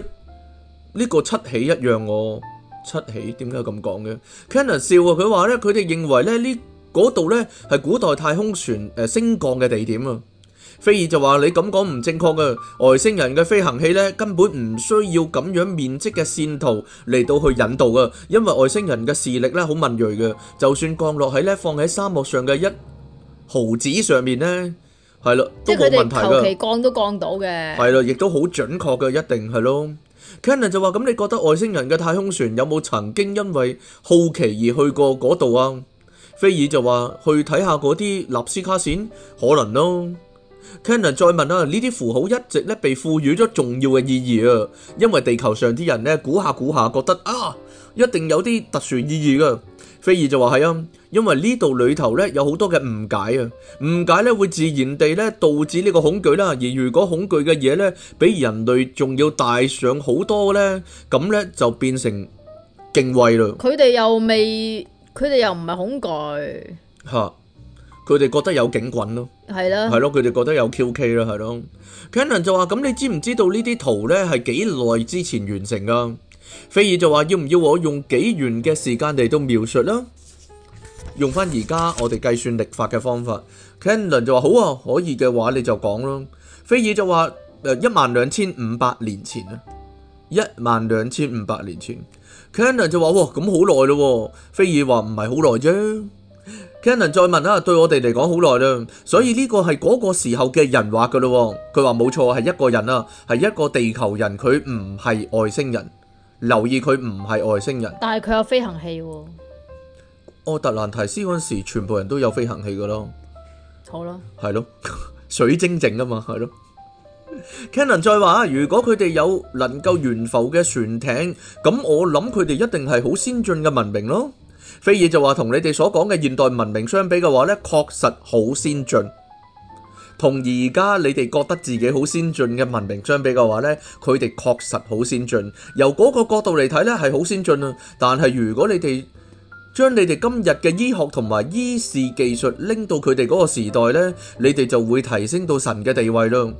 呢個「七喜」一樣喎、哦。「七喜」點解咁講嘅？Cannon 笑啊！佢話咧，佢哋認為咧呢嗰度咧係古代太空船誒、呃、升降嘅地點啊。菲爾就話：你咁講唔正確嘅，外星人嘅飛行器咧根本唔需要咁樣面積嘅線圖嚟到去引導嘅，因為外星人嘅視力咧好敏鋭嘅，就算降落喺咧放喺沙漠上嘅一毫子上面咧。係啦，都冇問題嘅，佢哋求其降都降到嘅。係啦，亦都好準確嘅，一定係咯。Cannon 就話：咁你覺得外星人嘅太空船有冇曾經因為好奇而去過嗰度啊？菲爾就話：去睇下嗰啲納斯卡線，可能咯。Cannon 再問啊：呢啲符號一直咧被賦予咗重要嘅意義啊，因為地球上啲人咧估下估下，覺得啊，一定有啲特殊意義啊。菲爾就話係啊，因為呢度裏頭咧有好多嘅誤解啊，誤解咧會自然地咧導致呢個恐懼啦。而如果恐懼嘅嘢咧比人類仲要大上好多咧，咁咧就變成敬畏啦。佢哋又未，佢哋又唔係恐懼嚇，佢哋 *laughs* 覺得有警棍咯，係啦的，係咯，佢哋覺得有 QK 咯，係咯。Canon 就話：咁你知唔知道呢啲圖咧係幾耐之前完成㗎？菲爾就話要唔要我用幾遠嘅時間嚟到描述啦？用翻而家我哋計算歷法嘅方法。Canon 就話好啊，可以嘅話你就講咯、呃啊。菲爾就話誒一萬兩千五百年前啊，一萬兩千五百年前。Canon 就話，哇咁好耐咯。菲爾話唔係好耐啫。Canon 再問啊，對我哋嚟講好耐啦，所以呢個係嗰個時候嘅人畫噶咯。佢話冇錯係一個人啊，係一個地球人，佢唔係外星人。留意佢唔係外星人，但係佢有飛行器喎。奧特蘭提斯嗰陣時，全部人都有飛行器嘅咯。好咯，係咯，水晶整啊嘛，係咯。Cannon 再話：如果佢哋有能夠懸浮嘅船艇，咁我諗佢哋一定係好先進嘅文明咯。菲爾就話：同你哋所講嘅現代文明相比嘅話咧，確實好先進。同而家你哋覺得自己好先進嘅文明相比嘅話呢，佢哋確實好先進。由嗰個角度嚟睇呢，係好先進啊。但係如果你哋將你哋今日嘅醫學同埋醫事技術拎到佢哋嗰個時代呢，你哋就會提升到神嘅地位咯。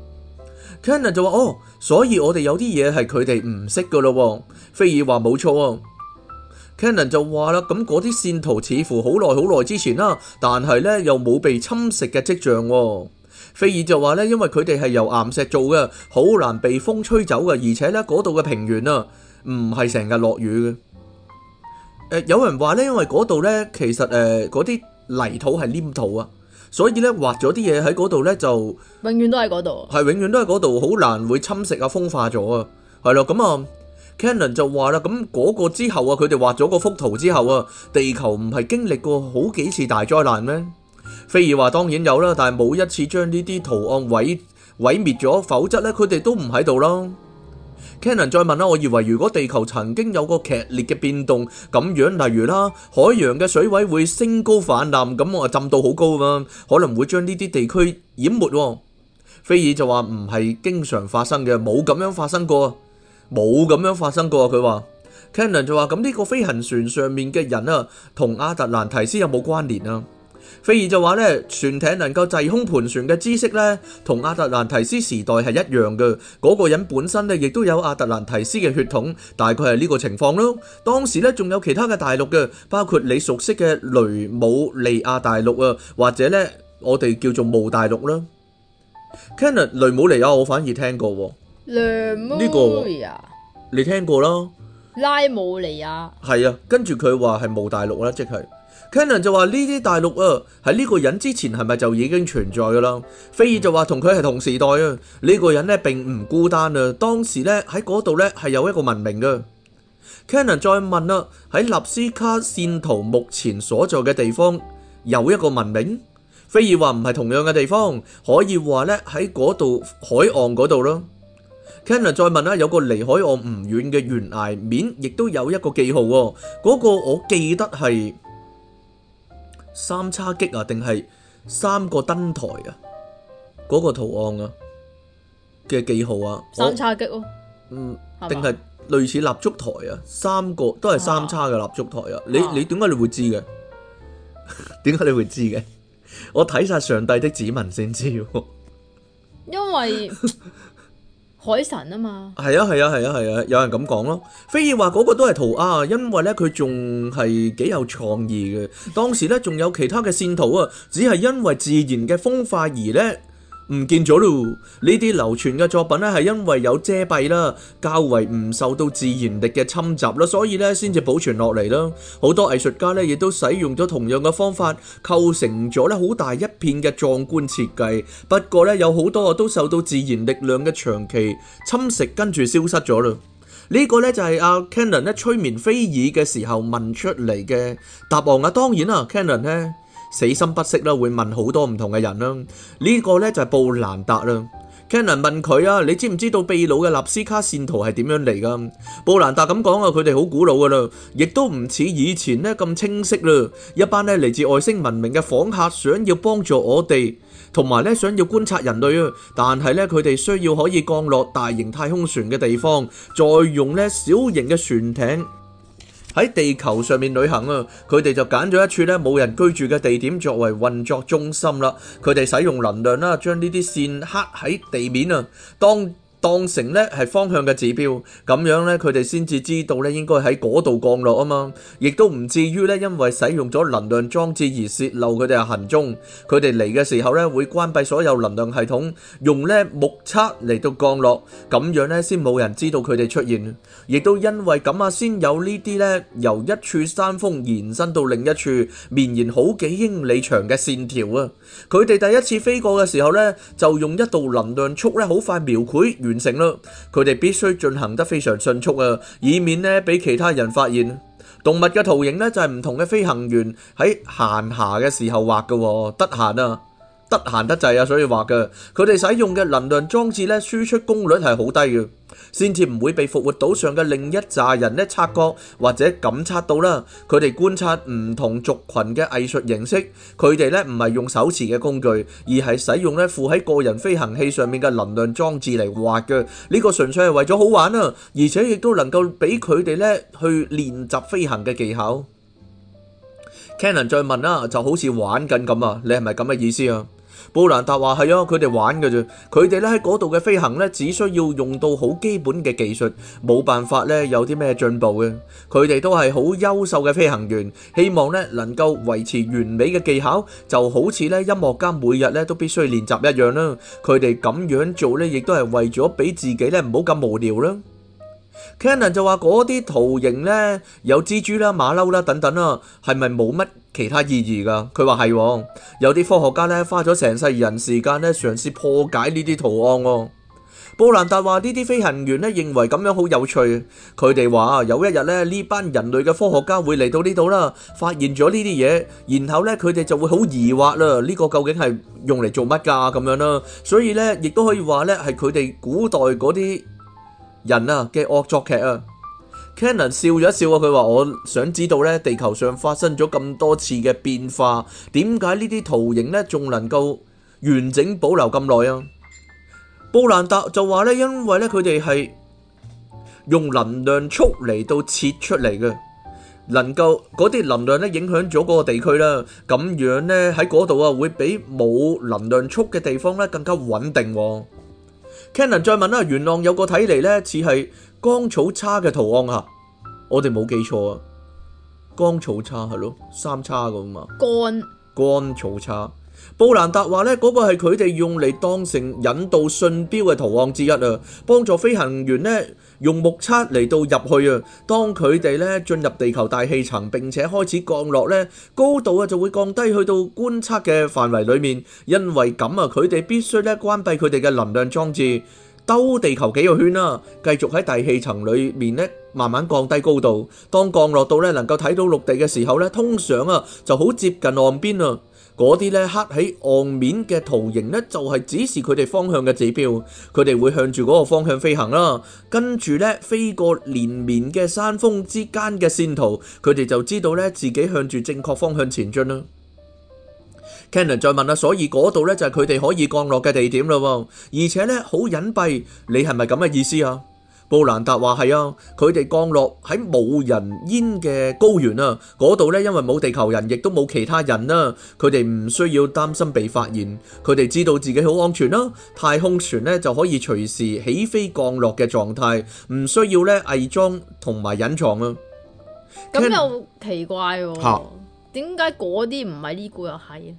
Cannon 就話，哦，所以我哋有啲嘢係佢哋唔識㗎喇。菲爾話，冇錯啊。Cannon 就話啦，咁嗰啲線圖似乎好耐好耐之前啦，但係呢又冇被侵蝕嘅跡象。菲爾就話咧，因為佢哋係由岩石做嘅，好難被風吹走嘅，而且咧嗰度嘅平原啊，唔係成日落雨嘅。誒，有人話咧，因為嗰度咧其實誒嗰啲泥土係黏土啊，所以咧畫咗啲嘢喺嗰度咧就永遠都喺嗰度，係永遠都喺嗰度，好難會侵蝕啊風化咗啊，係咯咁啊。Cannon 就話啦，咁嗰個之後啊，佢哋畫咗個幅圖之後啊，地球唔係經歷過好幾次大災難咩？菲爾話當然有啦，但係冇一次將呢啲圖案毀毀滅咗，否則呢，佢哋都唔喺度咯。Cannon 再問啦，我以為如果地球曾經有個劇烈嘅變動咁樣，例如啦海洋嘅水位會升高泛濫，咁我啊浸到好高啊，可能會將呢啲地區淹沒。菲爾就話唔係經常發生嘅，冇咁樣發生過，冇咁樣發生過。佢話，Cannon 就話咁呢個飛行船上面嘅人啊，同阿特蘭提斯有冇關聯啊？菲爾就話咧，船艇能夠滯空盤旋嘅知識咧，同亞特蘭提斯時代係一樣嘅。嗰個人本身咧，亦都有亞特蘭提斯嘅血統，大概係呢個情況咯。當時咧，仲有其他嘅大陸嘅，包括你熟悉嘅雷姆利亞大陸啊，或者咧，我哋叫做姆大陸啦。c a n 雷姆利亞我反而聽過，呢、這個你聽過啦，拉姆利亞，係啊，跟住佢話係姆大陸啦，即、就、係、是。Canon 就話：呢啲大陸啊，喺呢個人之前係咪就已經存在㗎啦？菲爾就話同佢係同時代啊。呢、這個人咧並唔孤單啊，當時咧喺嗰度咧係有一個文明嘅。Canon 再問啦、啊：喺納斯卡線圖目前所在嘅地方有一個文明？菲爾話唔係同樣嘅地方，可以話咧喺嗰度海岸嗰度咯。Canon 再問啦、啊，有個離海岸唔遠嘅懸崖面，亦都有一個記號喎、啊。嗰、那個我記得係。三叉戟啊，定係三個燈台啊，嗰、那個圖案啊嘅記號啊，三叉戟咯、啊，嗯，定係吧類似蠟燭台啊，三個都係三叉嘅蠟燭台啊，啊你你點解你會知嘅？點 *laughs* 解你會知嘅？ *laughs* 我睇晒上帝的指紋先知， *laughs* 因為。 *laughs* 海神啊嘛，係啊係啊係啊係啊，啊，啊，有人咁講咯。非爾話嗰個都係塗鴉啊，因為咧佢仲係幾有創意嘅。當時咧仲有其他嘅線圖啊，只係因為自然嘅風化而咧。唔見咗咯！呢啲流傳嘅作品咧，係因為有遮蔽啦，較為唔受到自然力嘅侵襲啦，所以咧先至保存落嚟啦。好多藝術家咧，亦都使用咗同樣嘅方法構成咗咧好大一片嘅壯觀設計。不過咧，有好多都受到自然力量嘅長期侵蝕，跟住消失咗咯。呢個咧就係阿 Cannon 咧催眠菲爾嘅時候問出嚟嘅答案啊！當然啊，Cannon 咧。死心不息啦，會問好多唔同嘅人啦。呢個呢，就係布蘭達啦。Canon 問佢啊，你知唔知道秘魯嘅納斯卡線圖係點樣嚟㗎？布蘭達咁講啊，佢哋好古老㗎啦，亦都唔似以前呢咁清晰啦。一班呢嚟自外星文明嘅訪客，想要幫助我哋，同埋呢想要觀察人類啊。但係呢，佢哋需要可以降落大型太空船嘅地方，再用呢小型嘅船艇。喺地球上面旅行啊，佢哋就揀咗一處呢冇人居住嘅地點作為運作中心啦。佢哋使用能量啦，將呢啲線刻喺地面啊，當當成咧係方向嘅指標，咁樣咧佢哋先至知道咧應該喺嗰度降落啊嘛，亦都唔至於咧因為使用咗能量裝置而洩漏佢哋嘅行蹤。佢哋嚟嘅時候咧會關閉所有能量系統，用咧目測嚟到降落，咁樣咧先冇人知道佢哋出現，亦都因為咁啊先有呢啲咧由一處山峰延伸到另一處綿延好幾英里長嘅線條啊。佢哋第一次飛過嘅時候咧就用一道能量束咧好快描繪完。完成咯，佢哋必須進行得非常迅速啊，以免呢俾其他人發現。動物嘅圖形呢，就係唔同嘅飛行員喺閒暇嘅時候畫噶喎啊，得閒啊。得閒得滯啊！所以話嘅佢哋使用嘅能量裝置咧，輸出功率係好低嘅，先至唔會被復活島上嘅另一扎人咧察覺或者感測到啦。佢哋觀察唔同族群嘅藝術形式，佢哋咧唔係用手持嘅工具，而係使用咧附喺個人飛行器上面嘅能量裝置嚟畫嘅。呢個純粹係為咗好玩啊，而且亦都能夠俾佢哋咧去練習飛行嘅技巧。Cannon 再問啦，就好似玩緊咁啊！你係咪咁嘅意思啊？布蘭達話：係啊，佢哋玩嘅啫。佢哋咧喺嗰度嘅飛行咧，只需要用到好基本嘅技術，冇辦法咧有啲咩進步嘅。佢哋都係好優秀嘅飛行員，希望咧能夠維持完美嘅技巧，就好似咧音樂家每日咧都必須練習一樣啦。佢哋咁樣做咧，亦都係為咗俾自己咧唔好咁無聊啦。Cannon 就話：嗰啲圖形咧，有蜘蛛啦、馬騮啦等等啦，係咪冇乜其他意義噶，佢話係有啲科學家咧，花咗成世人時間咧，嘗試破解呢啲圖案哦、啊。布蘭達話，呢啲飛行員咧，認為咁樣好有趣。佢哋話有一日咧，呢班人類嘅科學家會嚟到呢度啦，發現咗呢啲嘢，然後咧佢哋就會好疑惑啦，呢、這個究竟係用嚟做乜噶咁樣啦、啊。所以咧，亦都可以話咧，係佢哋古代嗰啲人啊嘅惡作劇啊。Cannon 笑咗一笑啊，佢話：我想知道咧，地球上發生咗咁多次嘅變化，點解呢啲圖形咧仲能夠完整保留咁耐啊？布蘭達就話咧，因為咧佢哋係用能量束嚟到切出嚟嘅，能夠嗰啲能量咧影響咗嗰個地區啦，咁樣咧喺嗰度啊會比冇能量束嘅地方咧更加穩定。Cannon 再問啦，元朗有個睇嚟咧似係。光草叉嘅圖案啊，我哋冇記錯啊，乾草叉係咯，三叉咁嘛。乾、乾草叉，布蘭達話咧，嗰、那個係佢哋用嚟當成引導信標嘅圖案之一啊，幫助飛行員咧用目測嚟到入去啊。當佢哋咧進入地球大氣層並且開始降落咧，高度啊就會降低去到觀測嘅範圍裏面，因為咁啊，佢哋必須咧關閉佢哋嘅能量裝置。兜地球幾個圈啦，繼續喺大氣層裏面咧，慢慢降低高度。當降落到咧能夠睇到陸地嘅時候咧，通常啊就好接近岸邊啦。嗰啲咧刻喺岸面嘅圖形咧，就係指示佢哋方向嘅指標。佢哋會向住嗰個方向飛行啦。跟住咧飛過連綿嘅山峰之間嘅線圖，佢哋就知道咧自己向住正確方向前進啦。Canon 再問啦，所以嗰度咧就係佢哋可以降落嘅地點咯，而且咧好隱蔽。你係咪咁嘅意思啊？布蘭達話係啊，佢哋降落喺冇人煙嘅高原啊，嗰度咧因為冇地球人，亦都冇其他人啦，佢哋唔需要擔心被發現，佢哋知道自己好安全啦。太空船咧就可以隨時起飛降落嘅狀態，唔需要咧偽裝同埋隱藏啊。咁又奇怪喎，點解嗰啲唔係呢個又係啊？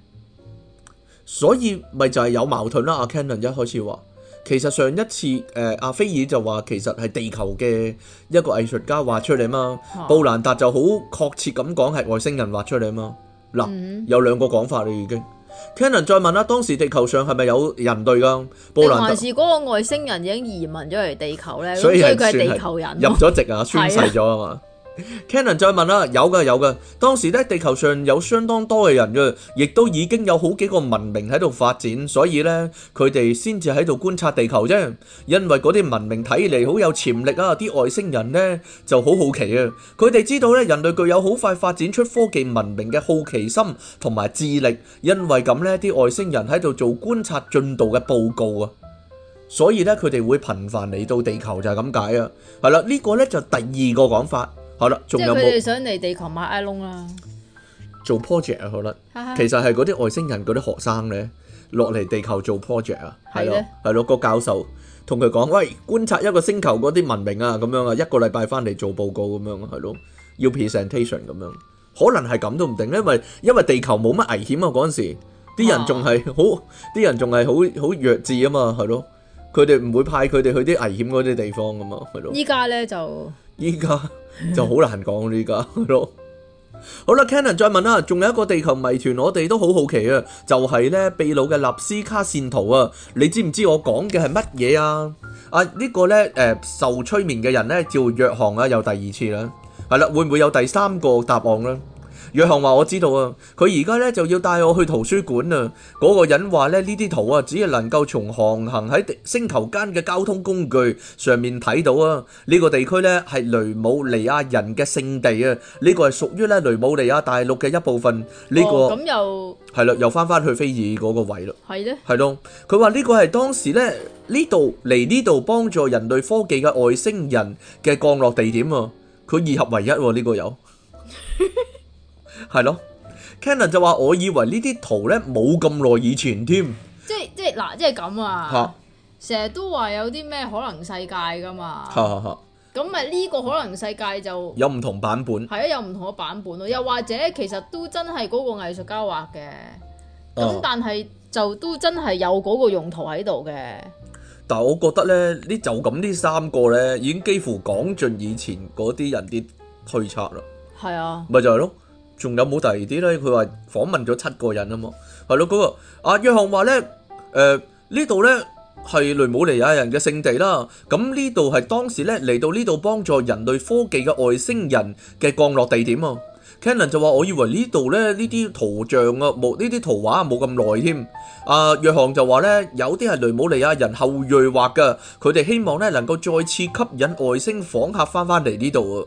所以咪就係有矛盾啦。阿 Cannon 一開始話，其實上一次誒阿、呃、菲爾就話其實係地球嘅一個藝術家畫出嚟啊嘛。哦、布蘭達就好確切咁講係外星人畫出嚟啊嘛。嗱、嗯、有兩個講法啦已經。Cannon 再問啦，當時地球上係咪有人類噶？布蘭達還是嗰個外星人已經移民咗嚟地球咧？所以佢係地球人入咗籍啊，宣誓咗啊嘛。Canon 再問啦，有㗎有㗎，當時咧地球上有相當多嘅人嘅，亦都已經有好幾個文明喺度發展，所以咧佢哋先至喺度觀察地球啫。因為嗰啲文明睇嚟好有潛力啊，啲外星人咧就好好奇啊。佢哋知道咧人類具有好快發展出科技文明嘅好奇心同埋智力，因為咁咧啲外星人喺度做觀察進度嘅報告啊，所以咧佢哋會頻繁嚟到地球，就係咁解啊。係啦，呢個咧就第二個講法。好啦，仲有冇，即係佢哋想嚟地球買埃隆啦，做 project 啊，可能，其實係嗰啲外星人嗰啲學生咧落嚟地球做 project 啊，係咯，係咯，個教授同佢講喂，觀察一個星球嗰啲文明啊，咁樣啊，一個禮拜翻嚟做報告咁樣，係咯，要 presentation 咁樣，可能係咁都唔定，因為因為地球冇乜危險啊，嗰陣時啲人仲係好，啲人仲係好好弱智啊嘛，係咯，佢哋唔會派佢哋去啲危險嗰啲地方噶嘛，係咯，依家咧就。依家就難 *laughs* 好難講，呢家都好啦。Canon 再問啦，仲有一個地球謎團，我哋都好好奇啊，就係、是、咧秘魯嘅納斯卡線圖啊，你知唔知我講嘅係乜嘢啊？啊、這個、呢個咧誒受催眠嘅人咧叫約翰啊，有第二次啦，係啦，會唔會有第三個答案咧？約翰話我知道啊，佢而家咧就要帶我去圖書館啊。嗰個人話咧呢啲圖啊，只係能夠從航行喺地星球間嘅交通工具上面睇到啊。呢個地區咧係雷姆尼亞人嘅聖地啊，呢個係屬於咧雷姆尼亞大陸嘅一部分。呢個咁又係啦，又翻翻去菲爾嗰個位咯。係咧，係咯，佢話呢個係當時咧呢度嚟，呢度幫助人類科技嘅外星人嘅降落地點啊。佢二合為一呢個有。係咯，Canon 就話，我以為呢啲圖咧冇咁耐以前添，即係即係嗱，即係咁啊，成日、啊、都話有啲咩可能世界噶嘛，咁咪呢個可能世界就有唔同版本，係啊，有唔同嘅版本咯，又或者其實都真係嗰個藝術家畫嘅，咁、啊、但係就都真係有嗰個用途喺度嘅。但係我覺得咧，呢就咁呢三個咧，已經幾乎講盡以前嗰啲人啲推測啦。係啊，咪就係咯。仲有冇第二啲咧？佢話訪問咗七個人、那個、啊嘛，係咯嗰個阿約翰話咧，誒、呃、呢度咧係雷姆利亞人嘅聖地啦。咁呢度係當時咧嚟到呢度幫助人類科技嘅外星人嘅降落地點啊。Cannon 就話：我以為呢度咧呢啲圖像啊，冇呢啲圖畫冇咁耐添。阿、啊、約翰就話咧，有啲係雷姆利亞人後裔畫㗎，佢哋希望咧能夠再次吸引外星訪客翻翻嚟呢度啊。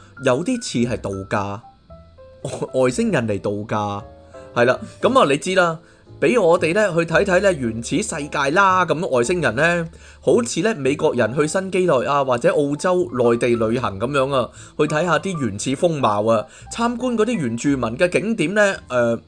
有啲似係度假，外星人嚟度假，係啦。咁啊，你知啦，俾我哋咧去睇睇咧原始世界啦。咁外星人咧，好似咧美國人去新幾內亞或者澳洲內地旅行咁樣啊，去睇下啲原始風貌啊，參觀嗰啲原住民嘅景點咧，誒，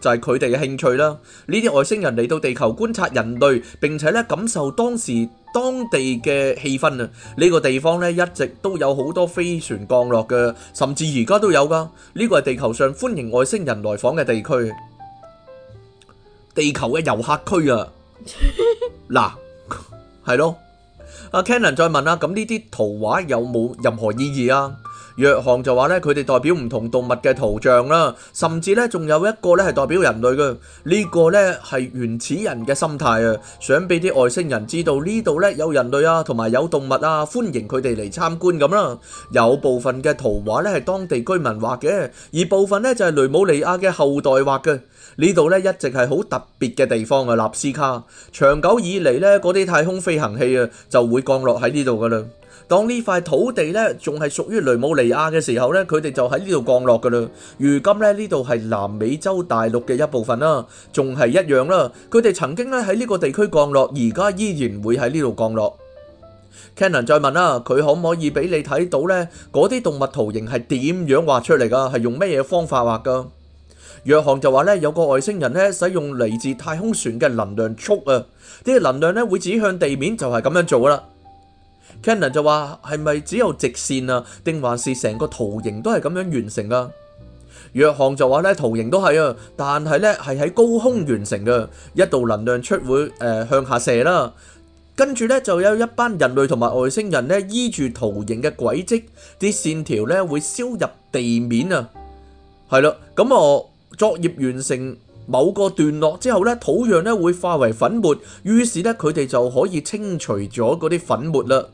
就係佢哋嘅興趣啦。呢啲外星人嚟到地球觀察人類，並且咧感受當時。當地嘅氣氛啊，呢個地方呢一直都有好多飛船降落嘅，甚至而家都有噶。呢個係地球上歡迎外星人來訪嘅地區，地球嘅遊客區啊。嗱，係咯。阿 Ken，再問啦，咁呢啲圖畫有冇任何意義啊？約翰就話咧，佢哋代表唔同動物嘅圖像啦，甚至咧仲有一個咧係代表人類嘅，呢、呢個咧係原始人嘅心態啊，想俾啲外星人知道呢度咧有人類啊，同埋有動物啊，歡迎佢哋嚟參觀咁啦。有部分嘅圖畫咧係當地居民畫嘅，而部分咧就係雷姆尼亞嘅後代畫嘅。呢度咧一直係好特別嘅地方啊，納斯卡。長久以嚟咧，嗰啲太空飛行器啊就會降落喺呢度噶啦。當呢塊土地咧仲係屬於雷姆尼亞嘅時候咧，佢哋就喺呢度降落噶啦。如今咧呢度係南美洲大陸嘅一部分啦，仲係一樣啦。佢哋曾經咧喺呢個地區降落，而家依然會喺呢度降落。Cannon 再問啦，佢可唔可以俾你睇到咧？嗰啲動物圖形係點樣畫出嚟噶？係用咩嘢方法畫噶？約翰就話咧，有個外星人咧，使用嚟自太空船嘅能量束啊，啲能量咧會指向地面，就係咁樣做噶啦。Canon 就話：係咪只有直線啊？定還是成個圖形都係咁樣完成噶？約翰就話咧：圖形都係啊，但係咧係喺高空完成嘅，一度能量出會誒向下射啦。跟住咧就有一班人類同埋外星人咧依住圖形嘅軌跡，啲線條咧會燒入地面啊。係啦，咁我作業完成某個段落之後咧，土壤咧會化為粉末，於是咧佢哋就可以清除咗嗰啲粉末啦。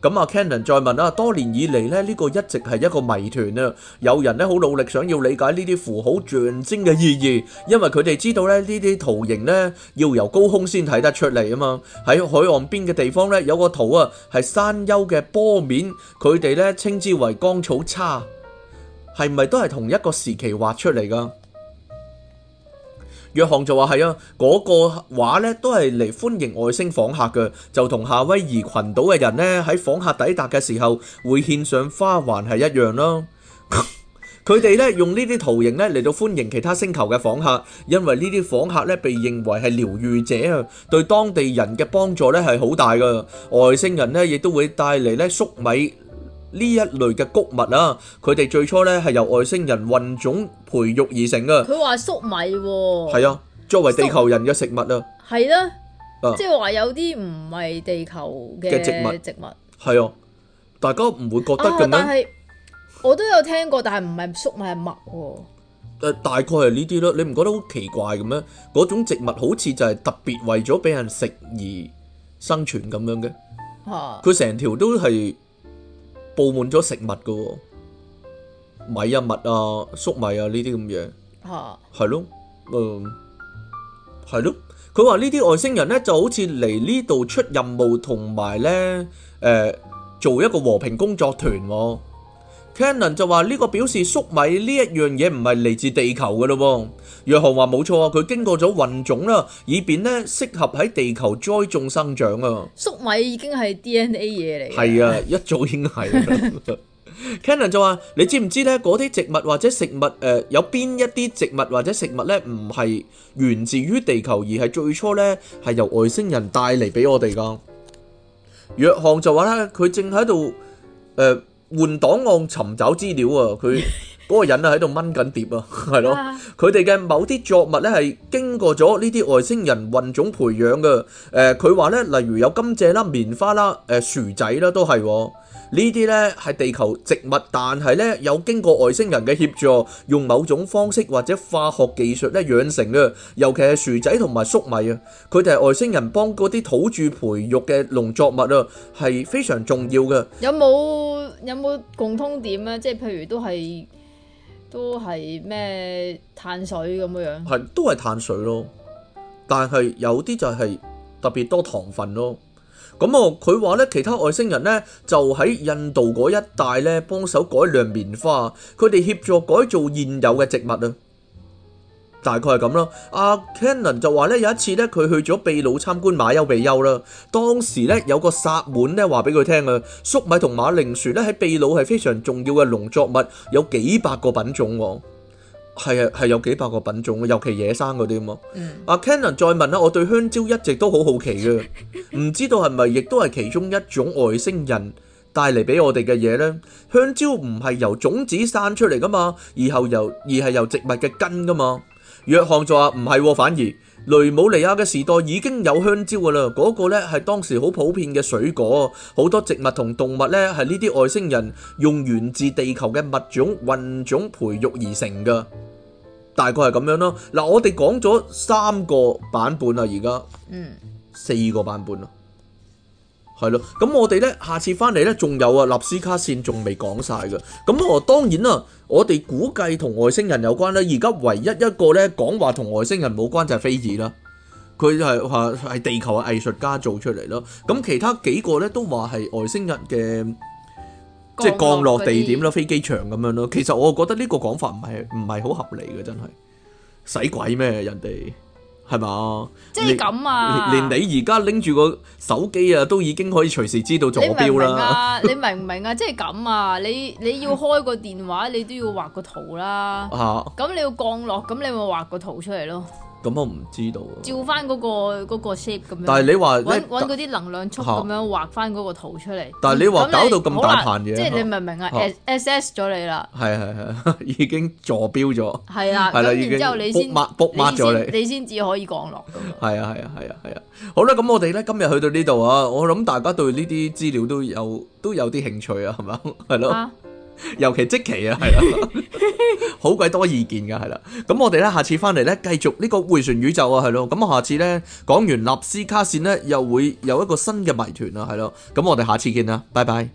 咁啊 Cannon 再問啦，多年以嚟咧，呢個一直係一個謎團啊！有人咧好努力想要理解呢啲符號象徵嘅意義，因為佢哋知道咧呢啲圖形咧要由高空先睇得出嚟啊嘛！喺海岸邊嘅地方咧，有個圖啊，係山丘嘅波面，佢哋咧稱之為乾草叉，係咪都係同一個時期畫出嚟㗎？約翰就話係啊，嗰、那個畫咧都係嚟歡迎外星訪客嘅，就同夏威夷群島嘅人咧喺訪客抵達嘅時候會獻上花環係一樣咯。佢哋咧用呢啲圖形咧嚟到歡迎其他星球嘅訪客，因為呢啲訪客咧被認為係療癒者啊，對當地人嘅幫助咧係好大噶。外星人咧亦都會帶嚟咧粟米。呢一類嘅谷物啊，佢哋最初咧係由外星人混種培育而成噶。佢話粟米喎。係啊，作為地球人嘅食物啊。係啦，即係話有啲唔係地球嘅植物。植物係啊，大家唔會覺得嘅咩？我都有聽過，但係唔係粟米係麥喎。誒，大概係呢啲咯，你唔覺得好奇怪嘅咩？嗰種植物好似就係特別為咗俾人食而生存咁樣嘅。吓，佢成條都係。布滿咗食物嘅喎。哦，米啊、麥啊、粟米啊呢啲咁嘢，係咯。啊，嗯，係咯。佢話呢啲外星人咧就好似嚟呢度出任務，同埋咧誒做一個和平工作團。哦。Cannon 就話呢個表示粟米呢一樣嘢唔係嚟自地球嘅咯。約翰話冇錯啊，佢經過咗混種啦，以便咧適合喺地球栽種生長啊。粟米已經係 DNA 嘢嚟。係啊，一早已經係啦。Cannon 就話：你知唔知咧？嗰啲植物或者食物誒，有邊一啲植物或者食物咧，唔係源自於地球，而係最初咧係由外星人帶嚟俾我哋㗎？約翰就話啦：佢正喺度誒。換檔案尋找資料啊！佢嗰個人啊喺度掹緊碟啊，係咯，佢哋嘅某啲作物咧係經過咗呢啲外星人混種培養嘅，誒佢話咧，例如有甘蔗啦、棉花啦、誒、呃、薯仔啦，都係、哦。呢啲呢係地球植物，但係呢有經過外星人嘅協助，用某種方式或者化學技術咧養成嘅。尤其係薯仔同埋粟米啊，佢哋係外星人幫嗰啲土著培育嘅農作物啊，係非常重要嘅。有冇有冇共通點咧？即係譬如都係都係咩碳水咁樣？係都係碳水咯，但係有啲就係特別多糖分咯。咁啊，佢話咧，他其他外星人咧就喺印度嗰一帶咧幫手改良棉花，佢哋協助改造現有嘅植物啊，大概係咁啦。阿、啊、Cannon 就話咧，有一次咧，佢去咗秘魯參觀馬丘比丘啦，當時咧有個薩滿咧話俾佢聽啊，粟米同馬鈴薯咧喺秘魯係非常重要嘅農作物，有幾百個品種喎。係係有幾百個品種，尤其野生嗰啲吖嘛。阿 Canon、mm hmm. 再問啦，我對香蕉一直都好好奇嘅，唔知道係咪亦都係其中一種外星人帶嚟俾我哋嘅嘢呢？香蕉唔係由種子生出嚟噶嘛，而後由而係由植物嘅根噶嘛。約翰就話唔係喎，反而。雷姆尼亞嘅時代已經有香蕉噶啦，嗰個咧係當時好普遍嘅水果，好多植物同動物咧係呢啲外星人用源自地球嘅物種混種培育而成噶，大概係咁樣咯。嗱，我哋講咗三個版本啦，而家嗯四個版本咯。係咯，咁我哋咧下次翻嚟咧，仲有啊納斯卡線仲未講晒嘅。咁我當然啦，我哋估計同外星人有關啦。而家唯一一個咧講話同外星人冇關就係飛爾啦，佢係話係地球嘅藝術家做出嚟咯。咁其他幾個咧都話係外星人嘅，即係降落地點啦、飛機場咁樣咯。其實我覺得呢個講法唔係唔係好合理嘅，真係使鬼咩人哋？係嘛？即係咁啊！連你而家拎住個手機啊，都已經可以隨時知道坐標啦！你明唔 *laughs* 明啊？你明唔明啊？即係咁啊！你你要開個電話，你都要畫個圖啦。咁 *laughs* 你要降落，咁你咪畫個圖出嚟咯。咁我唔知道。照翻嗰個嗰個 s h a p 咁樣。但係你話揾嗰啲能量速咁樣畫翻嗰個圖出嚟。但係你話搞到咁大盤嘢。即係你明唔明啊？s s 咗你啦。係係係，已經坐標咗。係啊，咁然之後你先抹抹咗你，你先至可以降落。係啊係啊係啊係啊，好啦，咁我哋咧今日去到呢度啊，我諗大家對呢啲資料都有都有啲興趣啊，係咪？係咯。尤其即期啊，係啦，好鬼 *laughs* *laughs* 多意見噶，係啦。咁我哋咧，下次翻嚟咧，繼續呢個迴旋宇宙啊，係咯。咁我下次咧，講完納斯卡線咧，又會有一個新嘅謎團啊，係咯。咁我哋下次見啦，拜拜。